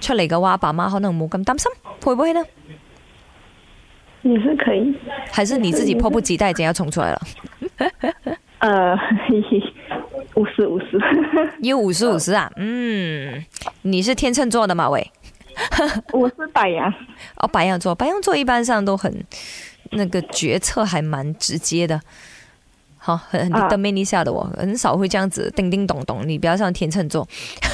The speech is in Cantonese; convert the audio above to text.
出嚟嘅話，爸媽可能冇咁擔心，會唔會呢？你是可以，是還是你自己迫不及待已經要衝出來了？ 呃嘿嘿，五十五十，有五十五十啊？哦、嗯，你是天秤座的嗎喂，我是白羊。哦，白羊座，白羊座一般上都很那個決策，還蠻直接的。好，很很 definitive 的我，很少會這樣子叮叮咚咚,咚。你不要像天秤座。